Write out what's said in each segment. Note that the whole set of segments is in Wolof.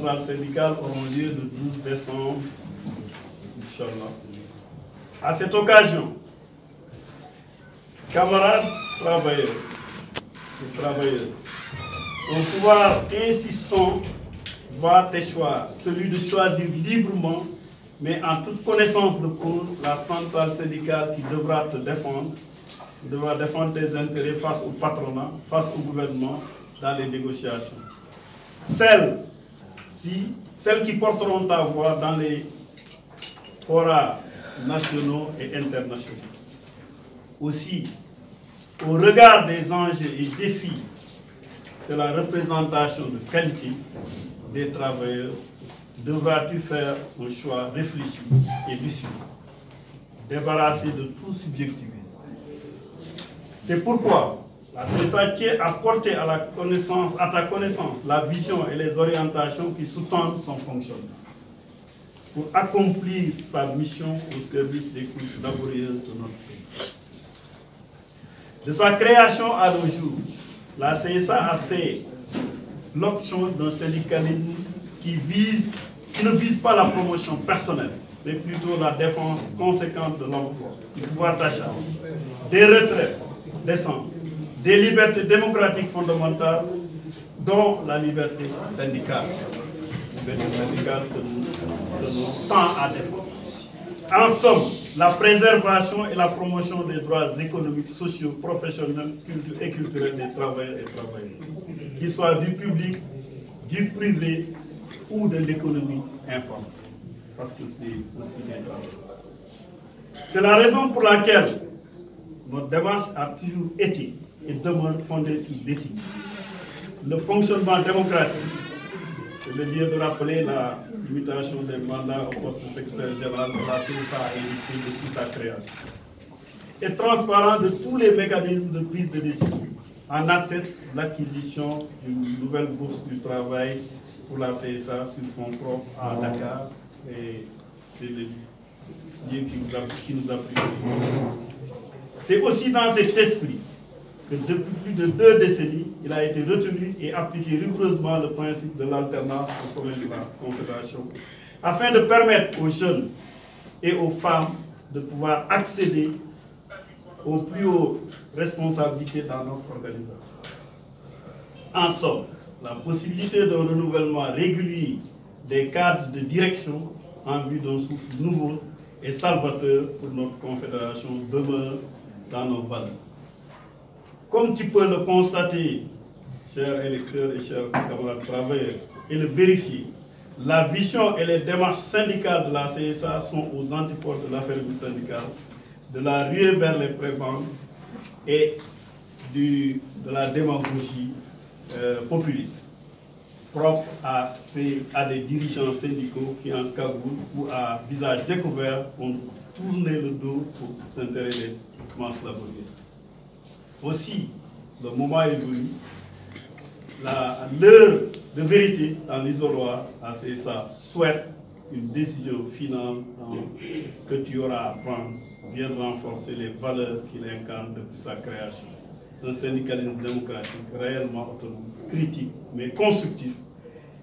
centrales auront lieu le 12 décembre, À cette occasion, camarades travailleurs et travailleurs, au pouvoir insistant va choix celui de choisir librement, mais en toute connaissance de cause, la centrale syndicale qui devra te défendre, devra défendre tes intérêts face au patronat, face au gouvernement, dans les négociations. Celle si celles qui porteront ta voix dans les forats nationaux et internationaux. Aussi, au regard des enjeux et défis de la représentation de qualité des travailleurs, devras-tu faire un choix réfléchi et lucide, débarrassé de tout subjectivisme. C'est pourquoi la tient a porté à, la connaissance, à ta connaissance la vision et les orientations qui sous-tendent son fonctionnement pour accomplir sa mission au service des couches laborieuses de notre pays. De sa création à nos jours, la CSA a fait l'option d'un syndicalisme qui, ne vise pas la promotion personnelle, mais plutôt la défense conséquente de l'emploi, du pouvoir d'achat, des retraites centres des libertés démocratiques fondamentales, dont la liberté syndicale. Liberté syndicale que nous tant à défendre. En somme, la préservation et la promotion des droits économiques, sociaux, professionnels et culturels des travailleurs et travailleuses, qu'ils soient du public, du privé ou de l'économie informelle, parce que c'est aussi bien C'est la raison pour laquelle notre démarche a toujours été et demeure fondée sur Le fonctionnement démocratique, c'est le lieu de rappeler la limitation des mandats au poste de secrétaire général de la CSA et depuis sa création, et transparent de tous les mécanismes de prise de décision en accès l'acquisition d'une nouvelle bourse du travail pour la CSA sur fonds propres à Dakar et c'est le lieu qui nous a pris. C'est aussi dans cet esprit depuis plus de deux décennies, il a été retenu et appliqué rigoureusement le principe de l'alternance au sommet de la Confédération, afin de permettre aux jeunes et aux femmes de pouvoir accéder aux plus hautes responsabilités dans notre organisation. En somme, la possibilité d'un renouvellement régulier des cadres de direction en vue d'un souffle nouveau et salvateur pour notre confédération demeure dans nos valeurs. Comme tu peux le constater, chers électeurs et chers camarades travailleurs, et le vérifier, la vision et les démarches syndicales de la CSA sont aux antipodes de l'affaire du syndical, de la ruée vers les prébendes et de la démagogie euh, populiste propre à, ces, à des dirigeants syndicaux qui, en cagoule ou à visage découvert, ont tourné le dos pour s'intéresser aux masses laborieuses. Aussi, le moment est venu, l'heure de vérité en isoloir, à ça, souhaite une décision finale hein, que tu auras à prendre, bien renforcer les valeurs qu'il incarne depuis sa création. Un syndicalisme démocratique réellement autonome, critique, mais constructif,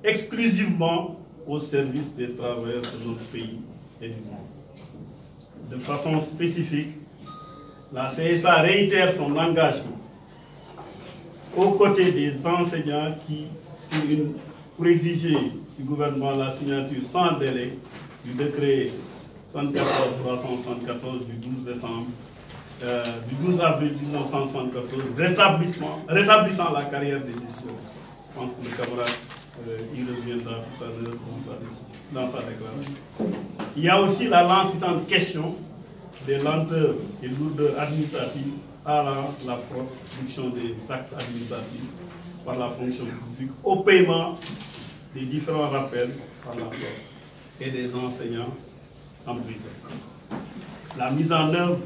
exclusivement au service des travailleurs de notre pays et du monde. De façon spécifique, la CSA réitère son engagement aux côtés des enseignants qui, pour, exiger du gouvernement la signature sans délai du décret 74 374 du 12 décembre, euh, du 12 avril 1974, rétablissement, rétablissant la carrière des étudiants. Je pense que le camarade euh, y reviendra dans sa déclaration. Il y a aussi la lancée en question des lenteurs et lourdeurs administratives à la production des actes administratifs par la fonction publique au paiement des différents rappels par la et des enseignants en prison. La mise en œuvre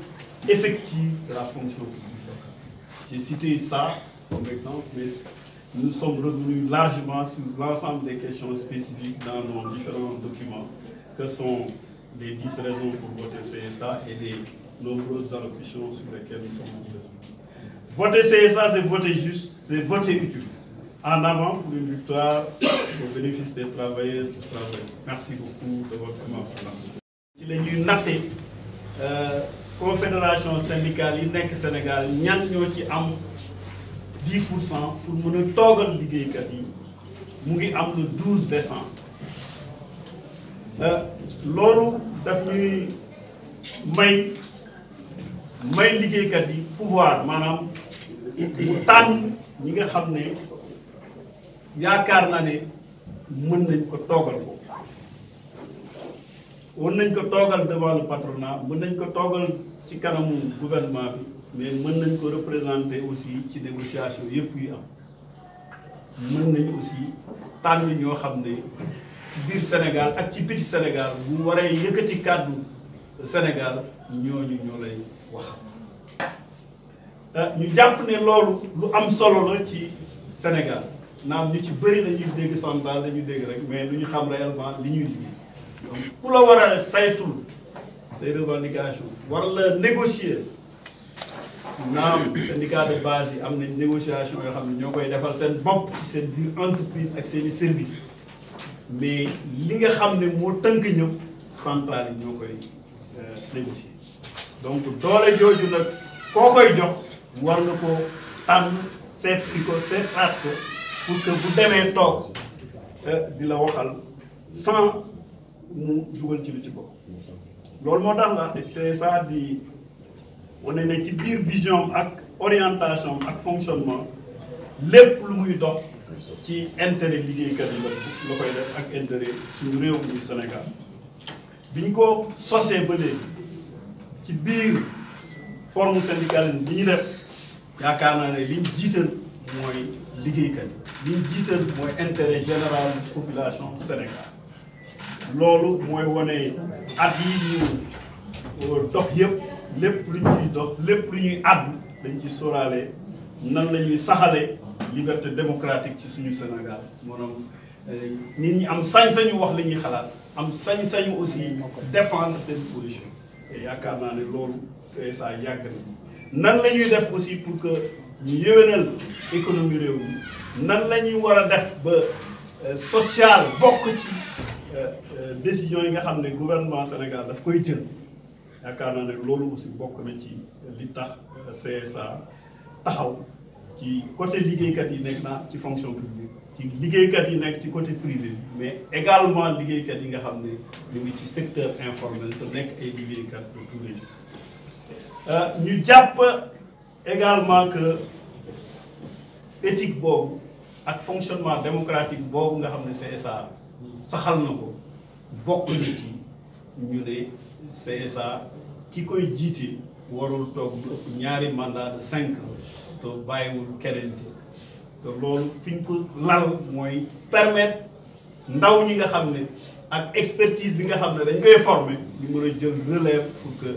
effective de la fonction publique. J'ai cité ça comme exemple, mais nous sommes revenus largement sur l'ensemble des questions spécifiques dans nos différents documents que sont les 10 raisons pour voter CSA et les nombreuses allocutions sur lesquelles nous sommes venus. Voter CSA, c'est voter juste, c'est voter utile. En avant pour une victoire au bénéfice des travailleurs. des travailleurs. Merci beaucoup de votre commentaire. ci la une natte euh, confédération syndicale yi Sénégal ñan 10 pour le pour 12 décembre. Euh, loolu daf may may liggéeykat yi pouvoir maanaam mu tànn ñi nga xam ne yaakaar naa ne mën nañ ko toogal ko mën nañ ko toogal devant le mën nañ ko toogal ci kanamu gouvernement bi mais mën nañ ko représenter aussi ci négociation yëpp yi am mën nañ aussi tànn ñoo xam ne biir Senegal ak ci biti Sénégal bu waree yëkkati kàddu Senegal, ñooñu ñoo lay wax ah, ñu jàpp ne loolu lu am solo la ci Sénégal naam ñu ci bëri dañuy dégg sondage dañuy dégg rek mais lu ñu xam réellement li ñuy liggéey donc ku la war a saytul say revendication war la négocier naam syndicat de base yi am nañ négociation yoo xam ne ñoo koy defal seen bopp ci seen biir entreprise ak seen service mais li nga xamné mo moo tënk central ñokoy euh donc doole joju nak ko koy jox war na ko tan seet di ko seetaat ko pour que bu demee tok euh dila waxal sans mu dugal ci lu ci bopp loolu moo tax la c'est ça di wane ne ci biir vision ak orientation ak fonctionnement lepp lu muy dox ci intérêt liggéeykat yi la koy def ak intérêt suñu réew muy Sénégal biñ ko sosee ba léegi ci biir forme syndicalisme bi ñu def yaakaar naa ne liñ jiital mooy liggéeykat yi liñ jiital mooy intérêt général population Sénégal loolu mooy wane at yi ñu dox yëpp lépp lu ciy dox lépp lu ñuy àddu dañ ci sóoraale nan la ñuy saxalee liberté démocratique ci suñu Sénégal monom eh, nit ñi am sañ-sañu wax li ñi xalaat am sañ-sañu aussi défendre sen position te yaakaar naa ne loolu CSA yàgg na nan lañuy def aussi pour que ñu yewenal économie réew mi nan lañuy ñuy war a def ba eh, social bokk ci eh, décision yi nga xam ne gouvernement Sénégal daf koy jël yaakaar naa ne loolu aussi bokk na ci li tax CSA taxaw ci côté liggéeykat yi nekk na ci fonction publique ci liggéeykat yi nekk ci côté privé mais également liggéeykat yi nga xam ne ñu ngi ci secteur informel te nekk ay liggéeykat pour tous les euh, ñu jàpp également que éthique boobu ak fonctionnement démocratique boobu nga xam ne CSA saxal na ko bokk na ci ñu ne CSA ki koy jiite warul toog lu ëpp ñaari mandat de cinq te bàyyiwul keneen te loolu fi ñu ko lal mooy permettre ndaw ñi nga xam ne ak expertise bi nga xam ne dañ koy former ñu mën a jël relève pour que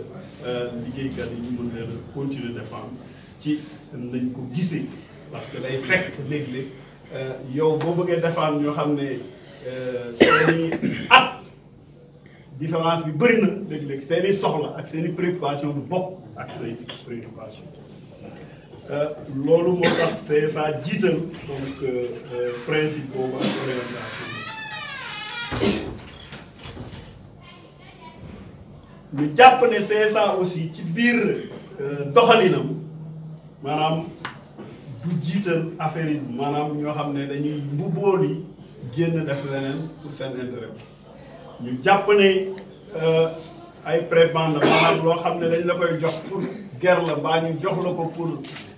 euh, liggéeykat yi ñu mën leen la continuer défendre ci lañ ko gisee parce que lay fekk léeg-léeg euh, yow boo bëggee défendre ñoo xam ne euh, seeni at différence bi bëri na léeg-léeg seeni soxla ak seeni préoccupation bu bokk ak seeni préoccupation Euh, loolu moo tax CSA jiital donc euh, euh, principe boobu ak orientation ñu jàpp ne CSA aussi ci biir doxalinam maanaam du jiital affairisme maanaam ñoo xam ne dañuy mbubboo li génn def leneen pour seen intérêt ñu jàpp ne ay prébende maanaam loo xam ne dañ la koy jox pour guerre la mbaa ñu jox la ko pour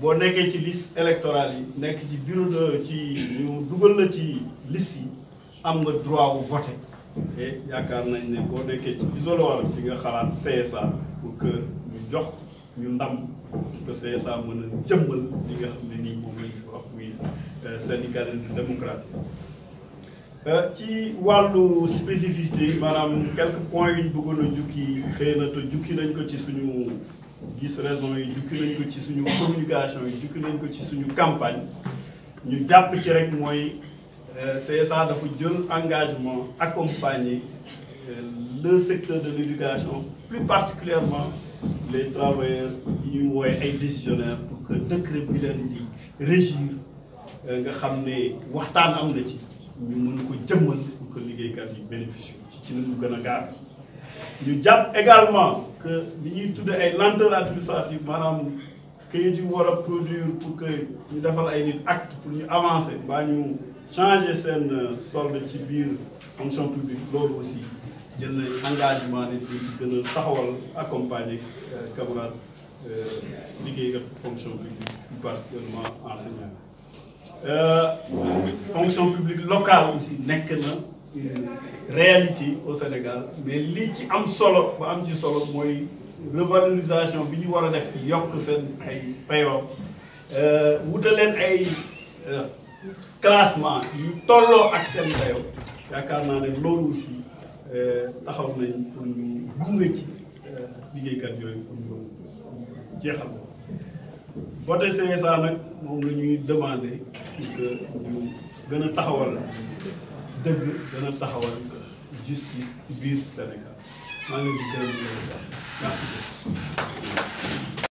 boo nekkee ci liste électorale yi nekk ci bureau de ci ñu dugal na ci liste yi am nga droit wu voter yaakaar nañ ne boo nekkee ci isoloir bi nga xalaat CSA pour que ñu jox ñu ndam que CSA mën a jëmmal li nga xam ne nii moom lañ fi wax muy euh, syndicalisme démocratique euh, ci wàllu spécificité maanaam quelques point yu ñu bëggoon jukki xëy na te jukki nañ ko ci suñu gis raison yi jukki nañ ko ci suñu communication yi jukki nañ ko ci suñu campagne ñu jàpp ci rek mooy euh, CSA dafa jël engagement accompagner euh, le secteur de l'éducation plus particulièrement les travailleurs qui ñu wooye ay décisionnaires pour que décret bi leen di régir euh, nga xam ne waxtaan am na ci ñu mën ko jëmmal pour que liggéeykat yi bénéficie ci ci ñu gën a gaar ñu jàpp également que li ñuy tuddee ay lenteur administrative maanaam que produire pour que ñu defal ay nit acte pour avancer mbaa ñu changer seen euh, solde ci biir fonction publique loolu aussi a un engagement de ñi gën a taxawal accompagner euh, camarade euh, liggéeykat fonction publique particulièrement enseignant fonction publique locale aussi nekk na réalité au Sénégal mais lii ci am solo ba am solo moy revalorisation bi ñu def sen ay payo. Euh ay euh, classement yu tolloo ak sen payo. yaakaar naa ne loolu euh, taxaw nañ la que ñu dëgg dana taxawal justice ci biir Sénégal maa ngi leen di gërëm di leen sant merci beaucoup